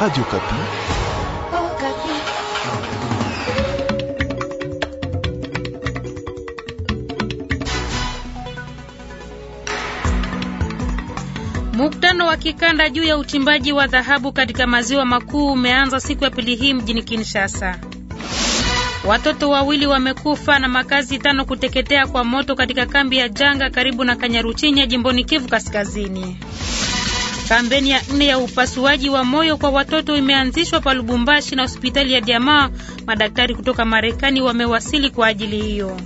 Radio Kapi. Oh, Kapi. Mkutano wa kikanda juu ya uchimbaji wa dhahabu katika maziwa makuu umeanza siku ya pili hii mjini Kinshasa. Watoto wawili wamekufa na makazi tano kuteketea kwa moto katika kambi ya janga karibu na Kanyaruchinya jimboni Kivu Kaskazini. Kampeni ya nne ya upasuaji wa moyo kwa watoto imeanzishwa pa Lubumbashi na hospitali ya jamaa. Madaktari kutoka Marekani wamewasili kwa ajili hiyo.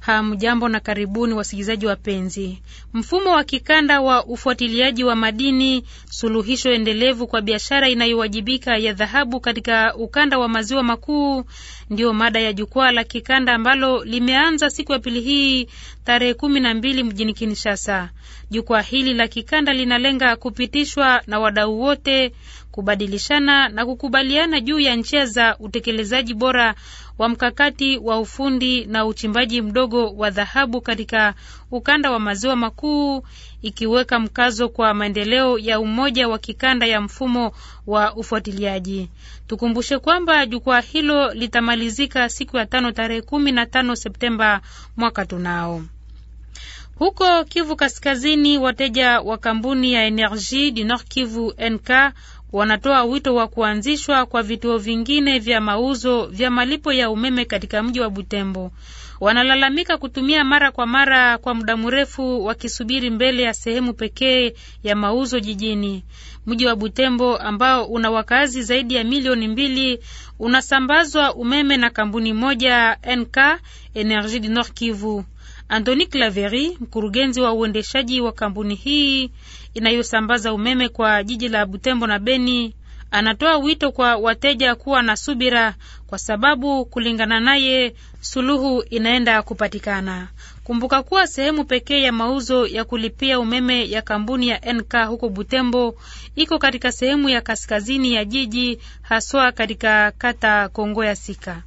Hamjambo na karibuni wasikilizaji wapenzi mfumo wa kikanda wa ufuatiliaji wa madini, suluhisho endelevu kwa biashara inayowajibika ya dhahabu katika ukanda wa maziwa makuu, ndiyo mada ya jukwaa la kikanda ambalo limeanza siku ya pili hii tarehe kumi na mbili mjini Kinshasa. Jukwaa hili la kikanda linalenga kupitishwa na wadau wote kubadilishana na kukubaliana juu ya njia za utekelezaji bora wa mkakati wa ufundi na uchimbaji mdogo wa dhahabu katika ukanda wa maziwa makuu, ikiweka mkazo kwa maendeleo ya umoja wa kikanda ya mfumo wa ufuatiliaji. Tukumbushe kwamba jukwaa hilo litamalizika siku ya tano tarehe kumi na tano Septemba mwaka tunao. Huko Kivu Kaskazini, wateja wa kampuni ya Energie du Nord Kivu NK wanatoa wito wa kuanzishwa kwa vituo vingine vya mauzo vya malipo ya umeme katika mji wa Butembo. Wanalalamika kutumia mara kwa mara kwa muda mrefu wakisubiri mbele ya sehemu pekee ya mauzo jijini. Mji wa Butembo ambao una wakazi zaidi ya milioni mbili unasambazwa umeme na kampuni moja NK Energie du Nord Kivu. Antoni Claveri, mkurugenzi wa uendeshaji wa kampuni hii, inayosambaza umeme kwa jiji la Butembo na Beni, anatoa wito kwa wateja kuwa na subira, kwa sababu kulingana naye suluhu inaenda kupatikana. Kumbuka kuwa sehemu pekee ya mauzo ya kulipia umeme ya kampuni ya NK huko Butembo iko katika sehemu ya kaskazini ya jiji, haswa katika kata Kongo ya Sika.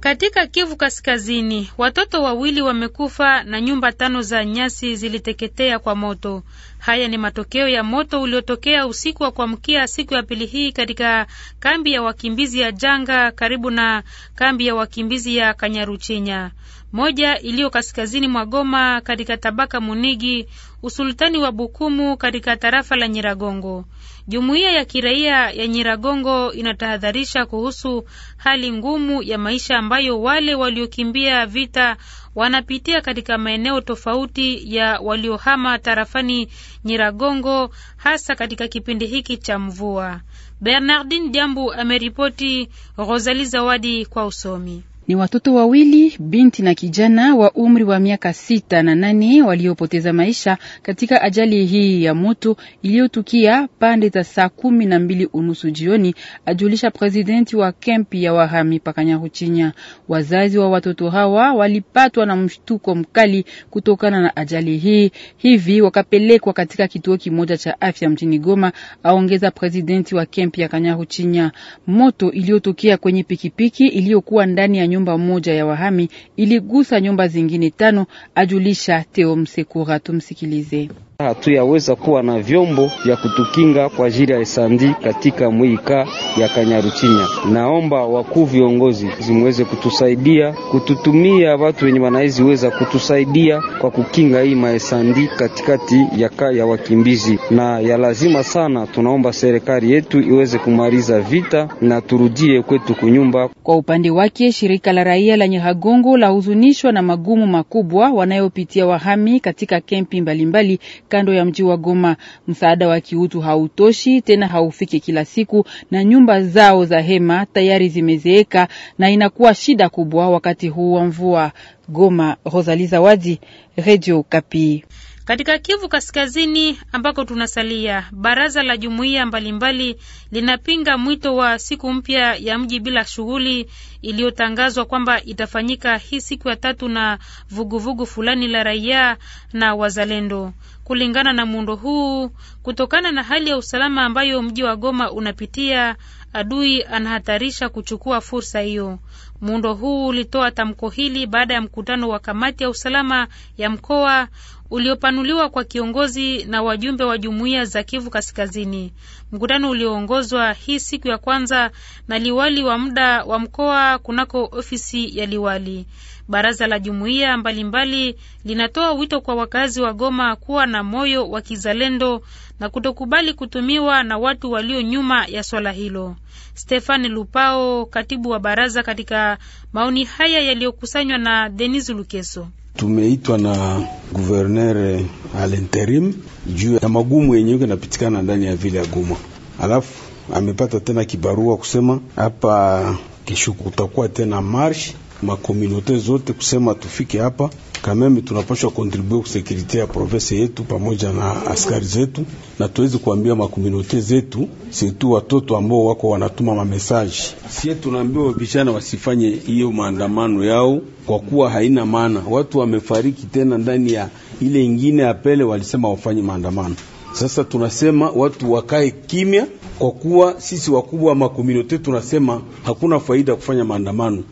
Katika Kivu Kaskazini, watoto wawili wamekufa na nyumba tano za nyasi ziliteketea kwa moto. Haya ni matokeo ya moto uliotokea usiku wa kuamkia siku ya pili hii katika kambi ya wakimbizi ya Janga karibu na kambi ya wakimbizi ya Kanyaruchinya, moja iliyo kaskazini mwa Goma katika tabaka Munigi, usultani wa Bukumu katika tarafa la Nyiragongo. Jumuiya ya kiraia ya Nyiragongo inatahadharisha kuhusu hali ngumu ya maisha ambayo wale waliokimbia vita wanapitia katika maeneo tofauti ya waliohama tarafani Nyiragongo hasa katika kipindi hiki cha mvua. Bernardin Jambu ameripoti, rosali Zawadi kwa usomi. Ni watoto wawili binti na kijana wa umri wa miaka sita na nane waliopoteza maisha katika ajali hii ya moto iliyotukia pande za saa kumi na mbili unusu jioni, ajulisha presidenti wa kempi ya wahami Pakanyaruchinya. Wazazi wa watoto hawa walipatwa na mshtuko mkali kutokana na ajali hii, hivi wakapelekwa katika kituo kimoja cha afya mjini Goma, aongeza presidenti wa kempi ya Kanyaruchinya. Moto iliyotokea kwenye pikipiki iliyokuwa ndani ya nyumba moja ya wahami iligusa nyumba zingine tano, ajulisha Teo Msekura. Tumsikilize hatuyaweza kuwa na vyombo vya kutukinga kwa ajili ya esandi katika mwika ya Kanyaruchinya. Naomba wakuu viongozi zimweze kutusaidia kututumia watu wenye wanawezi weza kutusaidia kwa kukinga hii maesandi katikati ya kaya ya wakimbizi, na ya lazima sana. Tunaomba serikali yetu iweze kumaliza vita na turudie kwetu kunyumba. Kwa upande wake, shirika la raia la Nyahagongo lahuzunishwa na magumu makubwa wanayopitia wahami katika kempi mbalimbali mbali kando ya mji wa Goma. Msaada wa kiutu hautoshi tena, haufiki kila siku, na nyumba zao za hema tayari zimezeeka na inakuwa shida kubwa wakati huu wa mvua. Goma, Rosalie Zawadi, Radio Kapi. Katika Kivu Kaskazini ambako tunasalia, baraza la jumuiya mbalimbali linapinga mwito wa siku mpya ya mji bila shughuli iliyotangazwa kwamba itafanyika hii siku ya tatu na vuguvugu vugu fulani la raia na wazalendo. Kulingana na muundo huu, kutokana na hali ya usalama ambayo mji wa Goma unapitia, adui anahatarisha kuchukua fursa hiyo. Muundo huu ulitoa tamko hili baada ya mkutano wa kamati ya usalama ya mkoa uliopanuliwa kwa kiongozi na wajumbe wa jumuiya za Kivu Kaskazini. Mkutano ulioongozwa hii siku ya kwanza na liwali wa muda wa mkoa kunako ofisi ya liwali. Baraza la jumuiya mbalimbali linatoa wito kwa wakazi wa Goma kuwa na moyo wa kizalendo na kutokubali kutumiwa na watu walio nyuma ya swala hilo. Stefani Lupao, katibu wa baraza, katika maoni haya yaliyokusanywa na Denis Lukeso. Tumeitwa na guverner alinterim juu ya magumu yenye inapitikana ndani ya vile ya Goma, alafu amepata tena kibarua kusema hapa kesho kutakuwa tena marshi makomunote zote kusema tufike hapa kameme, tunapashwa kontribue kusekirite ya province yetu pamoja na askari zetu, na tuwezi kuambia makomunote zetu sietu watoto ambao wako wanatuma mamesaji. Sie tunaambiwa vijana wasifanye hiyo maandamano yao kwa kuwa haina maana, watu wamefariki tena ndani ya ile ingine pele, walisema wafanye maandamano. Sasa tunasema watu wakae kimya, kwa kuwa sisi wakubwa wa makomunote tunasema hakuna faida ya kufanya maandamano.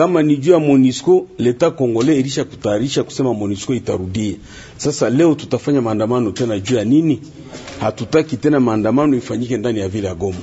Kama ni juu ya Monisco, leta Kongole ilisha kutayarisha kusema Monisco itarudie. Sasa leo tutafanya maandamano tena juu ya nini? Hatutaki tena maandamano ifanyike ndani ya vile ya Goma.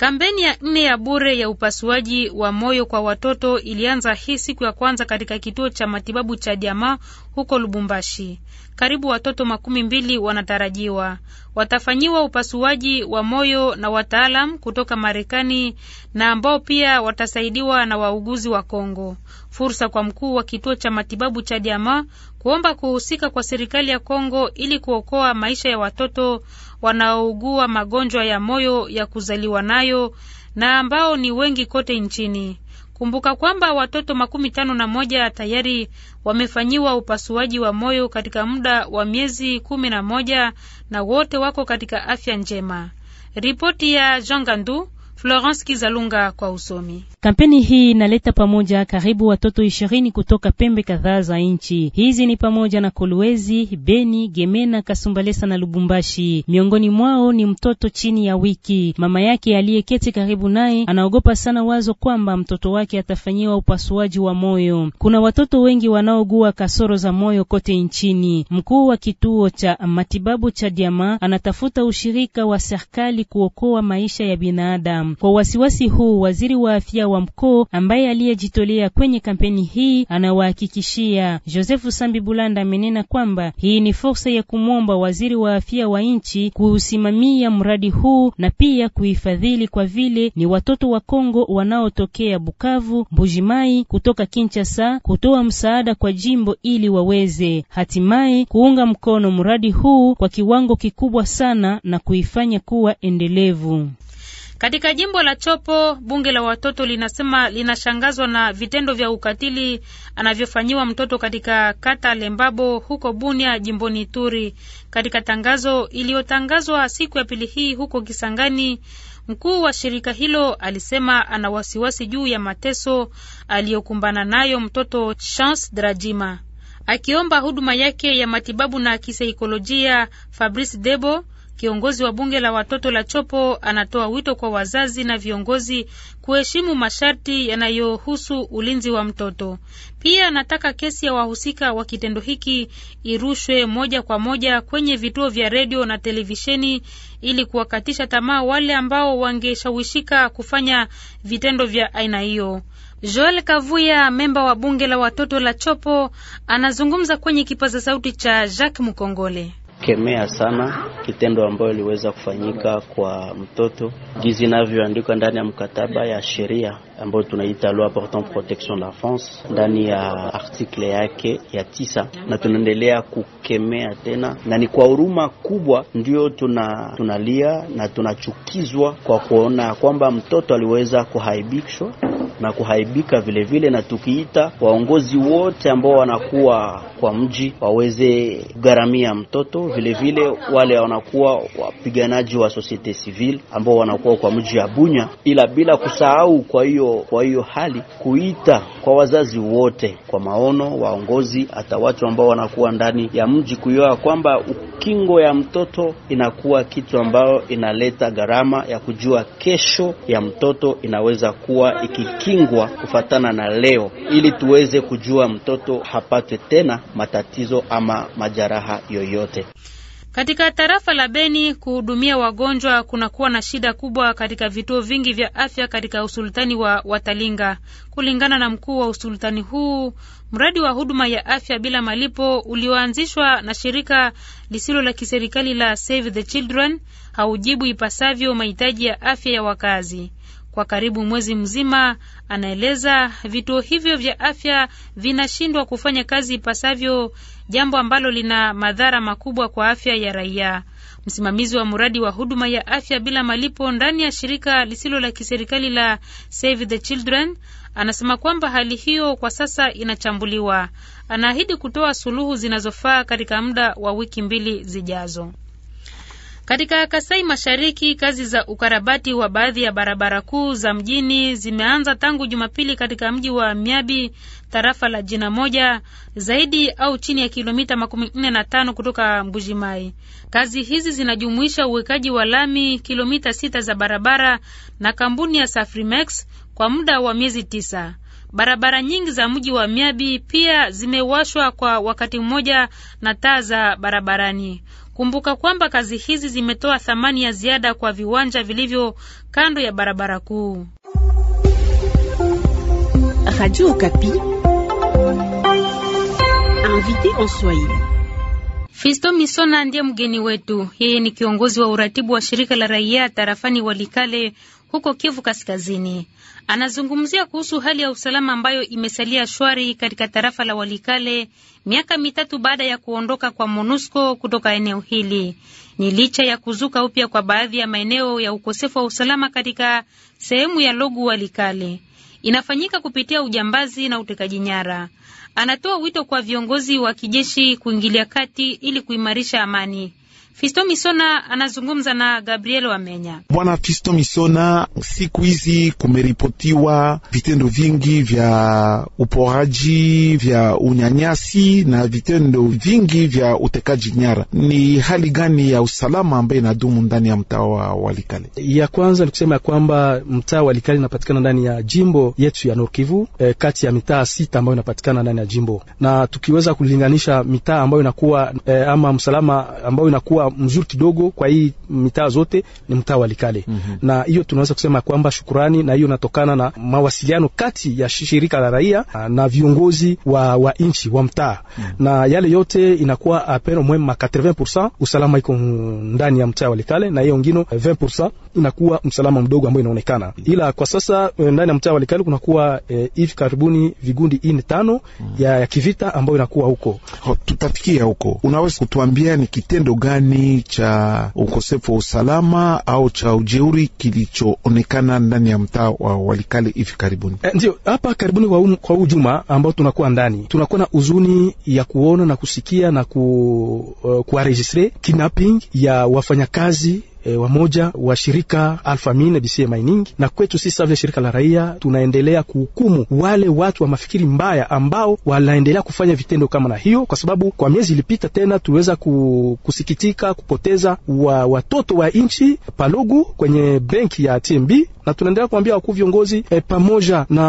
Kampeni ya nne ya bure ya upasuaji wa moyo kwa watoto ilianza hii siku ya kwanza katika kituo cha matibabu cha Diama huko Lubumbashi. Karibu watoto makumi mbili wanatarajiwa watafanyiwa upasuaji wa moyo na wataalam kutoka Marekani na ambao pia watasaidiwa na wauguzi wa Kongo fursa kwa mkuu wa kituo cha matibabu cha diama kuomba kuhusika kwa serikali ya Kongo ili kuokoa maisha ya watoto wanaougua magonjwa ya moyo ya kuzaliwa nayo na ambao ni wengi kote nchini. Kumbuka kwamba watoto makumi tano na moja tayari wamefanyiwa upasuaji wa moyo katika muda wa miezi kumi na moja na wote wako katika afya njema. Ripoti ya Jean Gandu Florence Kizalunga kwa usomi. Kampeni hii inaleta pamoja karibu watoto ishirini kutoka pembe kadhaa za nchi. Hizi ni pamoja na Kolwezi, Beni, Gemena, Kasumbalesa na Lubumbashi. Miongoni mwao ni mtoto chini ya wiki. Mama yake aliyeketi karibu naye anaogopa sana wazo kwamba mtoto wake atafanyiwa upasuaji wa moyo. Kuna watoto wengi wanaogua kasoro za moyo kote nchini. Mkuu wa kituo cha matibabu cha Diama anatafuta ushirika wa serikali kuokoa maisha ya binadamu. Kwa wasiwasi huu, waziri wa afya wa mkoo ambaye aliyejitolea kwenye kampeni hii anawahakikishia. josefu Sambi Bulanda amenena kwamba hii ni fursa ya kumwomba waziri wa afya wa nchi kuusimamia mradi huu na pia kuhifadhili, kwa vile ni watoto wa Kongo wanaotokea Bukavu, Mbujimai kutoka Kinshasa kutoa msaada kwa jimbo ili waweze hatimaye kuunga mkono mradi huu kwa kiwango kikubwa sana na kuifanya kuwa endelevu. Katika jimbo la Chopo, bunge la watoto linasema linashangazwa na vitendo vya ukatili anavyofanyiwa mtoto katika kata Lembabo huko Bunia jimboni Turi. Katika tangazo iliyotangazwa siku ya pili hii huko Kisangani, mkuu wa shirika hilo alisema ana wasiwasi juu ya mateso aliyokumbana nayo mtoto Chance Drajima, akiomba huduma yake ya matibabu na kisaikolojia. Fabrice Debo Kiongozi wa bunge la watoto la Chopo anatoa wito kwa wazazi na viongozi kuheshimu masharti yanayohusu ulinzi wa mtoto. Pia anataka kesi ya wahusika wa kitendo hiki irushwe moja kwa moja kwenye vituo vya redio na televisheni ili kuwakatisha tamaa wale ambao wangeshawishika kufanya vitendo vya aina hiyo. Joel Kavuya, memba wa bunge la watoto la Chopo, anazungumza kwenye kipaza sauti cha Jacques Mukongole kemea sana kitendo ambayo iliweza kufanyika kwa mtoto gizi inavyoandikwa ndani ya mkataba ya sheria ambayo tunaita loi portant protection de l'enfance ndani ya article yake ya tisa, na tunaendelea kukemea tena, na ni kwa huruma kubwa ndio tuna tunalia na tunachukizwa kwa kuona kwamba mtoto aliweza kuhaibishwa na kuhaibika vile vile, na tukiita waongozi wote ambao wanakuwa kwa mji waweze kugharamia mtoto vile vile, wale wanakuwa wapiganaji wa societe civile ambao wanakuwa kwa mji ya Bunya, ila bila kusahau kwa hiyo kwa hiyo hali kuita kwa wazazi wote kwa maono, waongozi, hata watu ambao wanakuwa ndani ya mji kuioa kwamba ukingo ya mtoto inakuwa kitu ambayo inaleta gharama ya kujua kesho ya mtoto inaweza kuwa ikikingwa kufatana na leo, ili tuweze kujua mtoto hapatwe tena matatizo ama majaraha yoyote. Katika tarafa la Beni, kuhudumia wagonjwa kunakuwa na shida kubwa katika vituo vingi vya afya katika usultani wa Watalinga. Kulingana na mkuu wa usultani huu, mradi wa huduma ya afya bila malipo ulioanzishwa na shirika lisilo la kiserikali la Save the Children haujibu ipasavyo mahitaji ya afya ya wakazi. Kwa karibu mwezi mzima, anaeleza, vituo hivyo vya afya vinashindwa kufanya kazi ipasavyo, jambo ambalo lina madhara makubwa kwa afya ya raia. Msimamizi wa mradi wa huduma ya afya bila malipo ndani ya shirika lisilo la kiserikali la Save the Children anasema kwamba hali hiyo kwa sasa inachambuliwa. Anaahidi kutoa suluhu zinazofaa katika muda wa wiki mbili zijazo. Katika Kasai Mashariki, kazi za ukarabati wa baadhi ya barabara kuu za mjini zimeanza tangu Jumapili katika mji wa Miabi, tarafa la jina moja, zaidi au chini ya kilomita makumi nne na tano kutoka Mbujimai. Kazi hizi zinajumuisha uwekaji wa lami kilomita sita za barabara na kampuni ya Safrimex kwa muda wa miezi tisa. Barabara nyingi za mji wa Miabi pia zimewashwa kwa wakati mmoja na taa za barabarani. Kumbuka kwamba kazi hizi zimetoa thamani ya ziada kwa viwanja vilivyo kando ya barabara kuu. Fisto Misona ndiye mgeni wetu. Yeye ni kiongozi wa uratibu wa shirika la raia tarafani Walikale huko Kivu Kaskazini. Anazungumzia kuhusu hali ya usalama ambayo imesalia shwari katika tarafa la Walikale miaka mitatu baada ya kuondoka kwa MONUSCO kutoka eneo hili. Ni licha ya kuzuka upya kwa baadhi ya maeneo ya ukosefu wa usalama katika sehemu ya Logu Walikale inafanyika kupitia ujambazi na utekaji nyara. Anatoa wito kwa viongozi wa kijeshi kuingilia kati ili kuimarisha amani. Fisto Misona anazungumza na Gabriel Wamenya. Bwana Fisto Misona, siku hizi kumeripotiwa vitendo vingi vya uporaji, vya unyanyasi na vitendo vingi vya utekaji nyara. Ni hali gani ya usalama ambayo inadumu ndani ya mtaa wa Walikale? Ya kwanza ni kusema ya kwamba mtaa wa Walikale inapatikana ndani ya jimbo yetu ya Norkivu, e, eh, kati ya mitaa sita ambayo inapatikana ndani ya jimbo, na tukiweza kulinganisha mitaa ambayo inakuwa e, ama msalama ambayo inakuwa kuwa mzuri kidogo kwa hii mitaa zote ni mtaa wa Likale. mm -hmm. na hiyo tunaweza kusema kwamba shukurani, na hiyo natokana na mawasiliano kati ya shirika la raia ah, na viongozi wa, wa nchi wa mtaa mm -hmm. na yale yote inakuwa apeno mwema 80% usalama iko ndani ya mtaa wa Likale, na hiyo ngino 20% inakuwa msalama mdogo ambao inaonekana, mm -hmm. ila kwa sasa eh, ndani ya mtaa wa Likale kunakuwa eh, hivi eh, karibuni vigundi ine tano mm -hmm. ya, ya kivita ambayo inakuwa huko. Tutafikia huko, unaweza kutuambia ni kitendo gani fulani cha ukosefu wa usalama au cha ujeuri kilichoonekana ndani ya mtaa wa Walikale hivi karibuni? E, ndio hapa karibuni kwa, huu kwa ujuma ambao tunakuwa ndani tunakuwa na huzuni ya kuona na kusikia na ku, uh, eh, kuaregistre kidnapping ya wafanyakazi e, eh, wamoja wa shirika Alfamine Bisie Mining na kwetu sisi save shirika la raia tunaendelea kuhukumu wale watu wa mafikiri mbaya ambao wanaendelea kufanya vitendo kama na hiyo, kwa sababu kwa miezi ilipita tena tuweza kusikitika kupoteza wa, watoto wa nchi Palugu kwenye benki ya TMB na tunaendelea kuambia wakuu viongozi e, pamoja na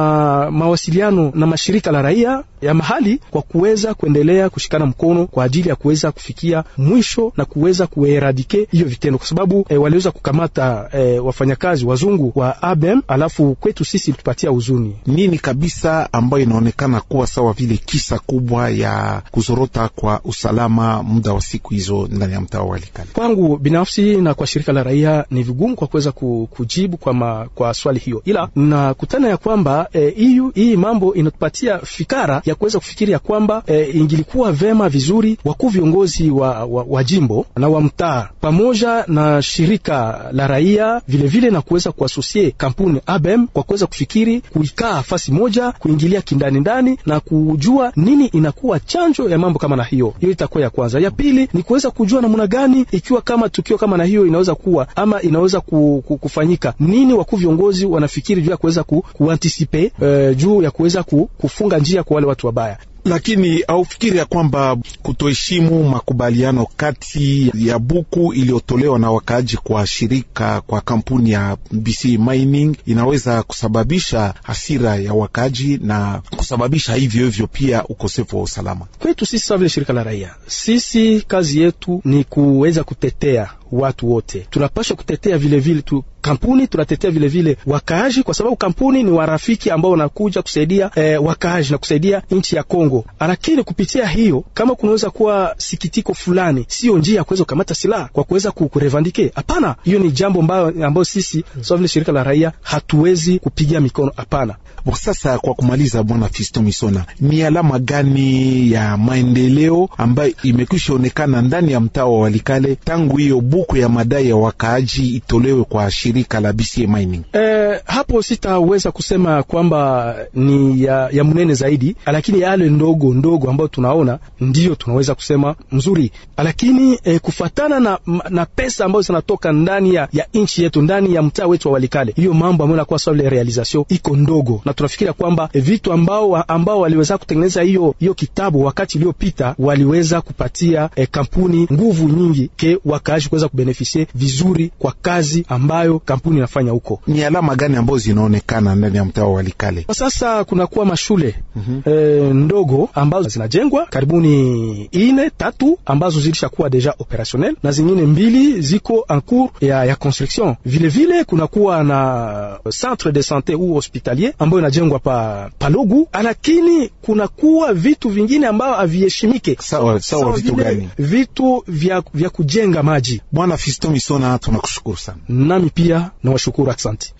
mawasiliano na mashirika la raia ya mahali kwa kuweza kuendelea kushikana mkono kwa ajili ya kuweza kufikia mwisho na kuweza kueradike hiyo vitendo, kwa sababu e, waliweza kukamata e, wafanyakazi wazungu wa ABM, alafu kwetu sisi tupatia huzuni nini kabisa, ambayo inaonekana kuwa sawa vile kisa kubwa ya kuzorota kwa usalama muda wa siku hizo ndani ya mtaa wa Walikale. Kwangu binafsi na kwa shirika la raia ni vigumu kwa kuweza kujibu kwa ma kwa, swali hiyo, ila nakutana ya kwamba eh, hiyu e, hii mambo inatupatia fikara ya kuweza kufikiri ya kwamba e, ingilikuwa vema vizuri wakuu viongozi wa, wa, wa jimbo na wa mtaa pamoja na shirika la raia vilevile na kuweza kuasosie kampuni ABM kwa kuweza kufikiri kuikaa fasi moja kuingilia kindani ndani na kujua nini inakuwa chanjo ya mambo kama na hiyo. Hiyo itakuwa ya kwanza. Ya pili ni kuweza kujua namna gani ikiwa kama tukio kama na hiyo inaweza kuwa ama inaweza kufanyika nini huku viongozi wanafikiri juu ya kuweza ku, kuantisipe uh, eh, juu ya kuweza ku, kufunga njia kwa wale watu wabaya lakini haufikiri ya kwamba kutoheshimu makubaliano kati ya buku iliyotolewa na wakaaji kwa shirika kwa kampuni ya BC Mining inaweza kusababisha hasira ya wakaaji na kusababisha hivyo hivyo pia ukosefu wa usalama kwetu sisi. Sawa vile shirika la raia, sisi kazi yetu ni kuweza kutetea watu wote, tunapaswa kutetea vilevile tu kampuni tunatetea vilevile wakaaji, kwa sababu kampuni ni warafiki ambao wanakuja kusaidia eh, wakaaji na kusaidia nchi ya Kongo Kongo. Lakini kupitia hiyo, kama kunaweza kuwa sikitiko fulani, sio njia ya kuweza kukamata silaha kwa kuweza kurevandike, hapana. Hiyo ni jambo ambayo ambayo sisi hmm. sawa vile shirika la raia hatuwezi kupigia mikono, hapana. Bon, sasa kwa kumaliza, bwana Fisto Misona, ni alama gani ya maendeleo ambayo imekwisha onekana ndani ya mtaa wa Walikale tangu hiyo buku ya madai ya wakaaji itolewe kwa shirika la BCA Mining? E, hapo sitaweza kusema kwamba ni ya, ya mnene zaidi, lakini yale ndogo ndogo ambayo tunaona ndiyo tunaweza kusema mzuri, lakini eh, kufatana na, na pesa ambayo zinatoka ndani ya, ya nchi yetu ndani ya mtaa wetu wa Walikale, hiyo mambo ambayo nakuwa swala realization iko ndogo, na tunafikiria kwamba eh, vitu ambao ambao waliweza kutengeneza hiyo hiyo kitabu wakati iliyopita waliweza kupatia eh, kampuni nguvu nyingi ke wakaaji kuweza kubenefisie vizuri kwa kazi ambayo kampuni inafanya huko. Ni alama gani ambazo zinaonekana ndani ya mtaa wa Walikale kwa sasa? Kunakuwa mashule mm -hmm. eh, ndogo ndogo ambazo zinajengwa karibuni ine tatu ambazo zilishakuwa deja operationnel na zingine mbili ziko en cours ya, ya construction. Vilevile kuwa na centre de sante ou hospitalier ambayo inajengwa pa Palogu, lakini kunakuwa vitu vingine ambayo haviheshimike. Sawa sawa, vitu gani? Vitu vya, vya kujenga maji. Bwana Fisto Misona, tunakushukuru sana. Nami pia nawashukuru, asante.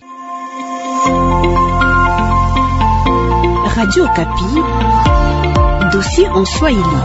Radio Kapi, dossier en Swahili.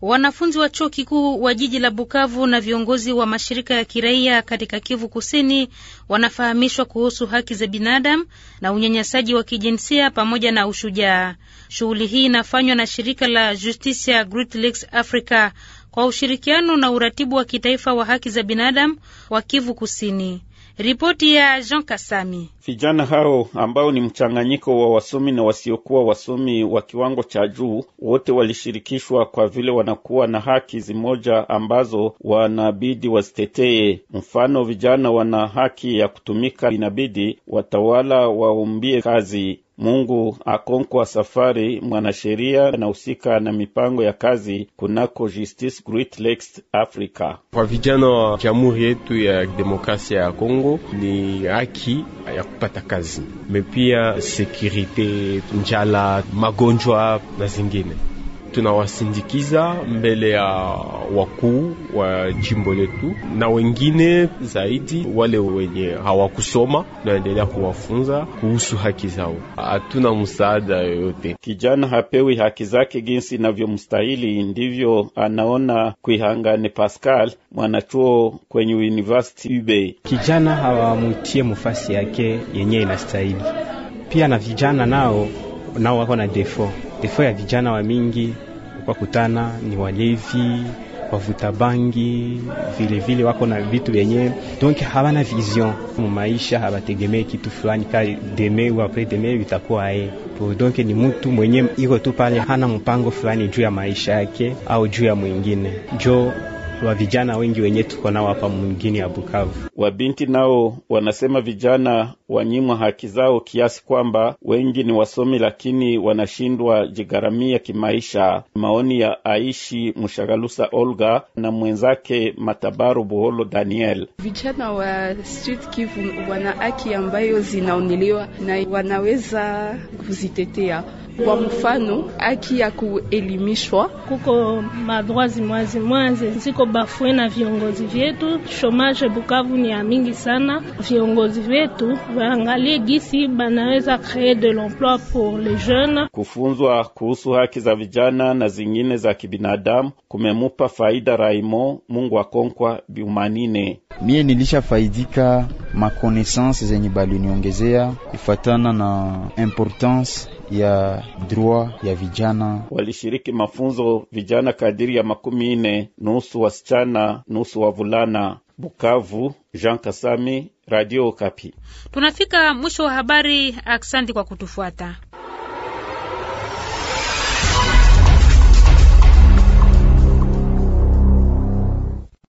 Wanafunzi wa chuo kikuu wa jiji la Bukavu na viongozi wa mashirika ya kiraia katika Kivu Kusini wanafahamishwa kuhusu haki za binadamu na unyanyasaji wa kijinsia pamoja na ushujaa. Shughuli hii inafanywa na shirika la Justicia Great Lakes Africa kwa ushirikiano na uratibu wa kitaifa wa haki za binadamu wa Kivu Kusini. Ripoti ya Jean Kasami. Vijana hao ambao ni mchanganyiko wa wasomi na wasiokuwa wasomi wa kiwango cha juu, wote walishirikishwa kwa vile wanakuwa na haki zimoja ambazo wanabidi wazitetee. Mfano, vijana wana haki ya kutumika, inabidi watawala waumbie kazi Mungu Akonkwa Safari, mwanasheria anahusika na mipango ya kazi kunako Justice Great Lakes Africa. Kwa vijana wa jamhuri yetu ya demokrasia ya Kongo ni haki ya kupata kazi, mepia sekirite, njala, magonjwa na zingine tunawasindikiza mbele ya wakuu wa jimbo letu na wengine zaidi, wale wenye hawakusoma tunaendelea kuwafunza kuhusu haki zao. Hatuna msaada yoyote. Kijana hapewi haki zake jinsi inavyomstahili, ndivyo anaona kuihangane Pascal, mwanachuo kwenye University ubey Kijana hawamwitie mufasi yake yenye inastahili, pia na vijana nao nao wako na defo defo ya vijana wa mingi kwa kutana ni walevi wavuta bangi vilevile vile wako na vitu vyenye donc hawana vision mumaisha, habategemee kitu fulani ka deme au apres deme vitakuwa ye donc. Ni mtu mwenye iko tu pale, hana mpango fulani juu ya maisha yake au juu ya mwingine jo wa vijana wengi wenye tuko nao hapa mwingine ya Bukavu. Wabinti nao wanasema vijana wanyimwa haki zao kiasi kwamba wengi ni wasomi lakini wanashindwa jigharamia kimaisha. Maoni ya Aishi Mushagalusa Olga na mwenzake Matabaru Buholo Daniel. Vijana wa Street Kivu wana haki ambayo zinaonelewa na wanaweza kuzitetea. Kwa mfano, haki ya kuelimishwa, kuko madroit zimwazimwaze ziko bafwe na viongozi vyetu. Shomaje Bukavu ni ya mingi sana, viongozi vyetu waangalie gisi banaweza créer de l'emploi pour les jeunes. Kufunzwa kuhusu haki za vijana na zingine za kibinadamu kumemupa faida Raimo Mungu konkwa biumanine. Mie nilishafaidika makonesansi zenye baliniongezea kufatana na importance ya drua ya vijana. Walishiriki mafunzo vijana kadiri ya makumi ine, nusu wasichana, nusu wavulana. Bukavu, Jean Kasami, Radio Kapi. Tunafika mwisho wa habari. aksanti kwa kutufuata.